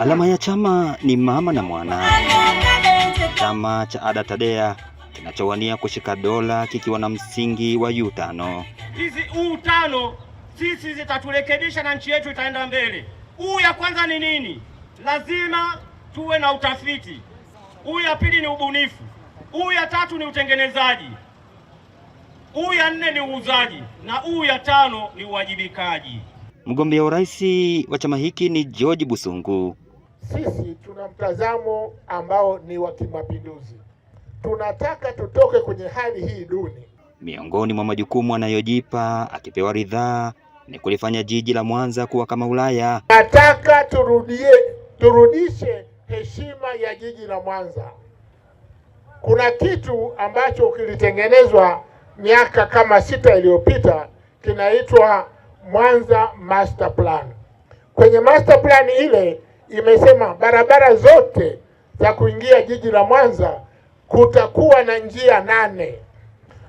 Alama ya chama ni mama na mwana. Chama cha Ada Tadea kinachowania kushika dola kikiwa na msingi wa U5. Hizi U5 sisi zitaturekebisha na nchi yetu itaenda mbele. U ya kwanza ni nini? Lazima tuwe na utafiti. U ya pili ni ubunifu. U ya tatu ni utengenezaji. U ya nne ni uuzaji na U ya tano ni uwajibikaji. Mgombea urais wa chama hiki ni George Busungu. Sisi tuna mtazamo ambao ni wa kimapinduzi, tunataka tutoke kwenye hali hii duni. Miongoni mwa majukumu anayojipa akipewa ridhaa ni kulifanya jiji la Mwanza kuwa kama Ulaya. Nataka turudie, turudishe heshima ya jiji la Mwanza. Kuna kitu ambacho kilitengenezwa miaka kama sita iliyopita kinaitwa Mwanza master plan. Kwenye master plan ile imesema barabara zote za kuingia jiji la Mwanza kutakuwa na njia nane.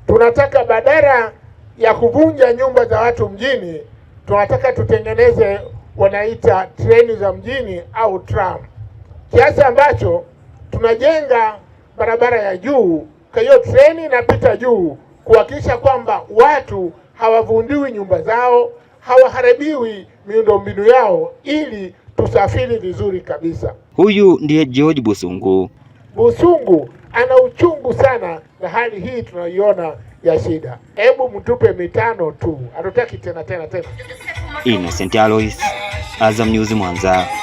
Tunataka badala ya kuvunja nyumba za watu mjini, tunataka tutengeneze wanaita treni za mjini au tram, kiasi ambacho tunajenga barabara ya juu, kwa hiyo treni inapita juu kuhakikisha kwamba watu hawavundiwi nyumba zao, hawaharibiwi miundombinu yao ili tusafiri vizuri kabisa. Huyu ndiye George Busungu. Busungu ana uchungu sana na hali hii tunaiona ya shida. Hebu mtupe mitano tu, hatutaki tena tena tena. Innocent Alois, Azam News, Mwanza.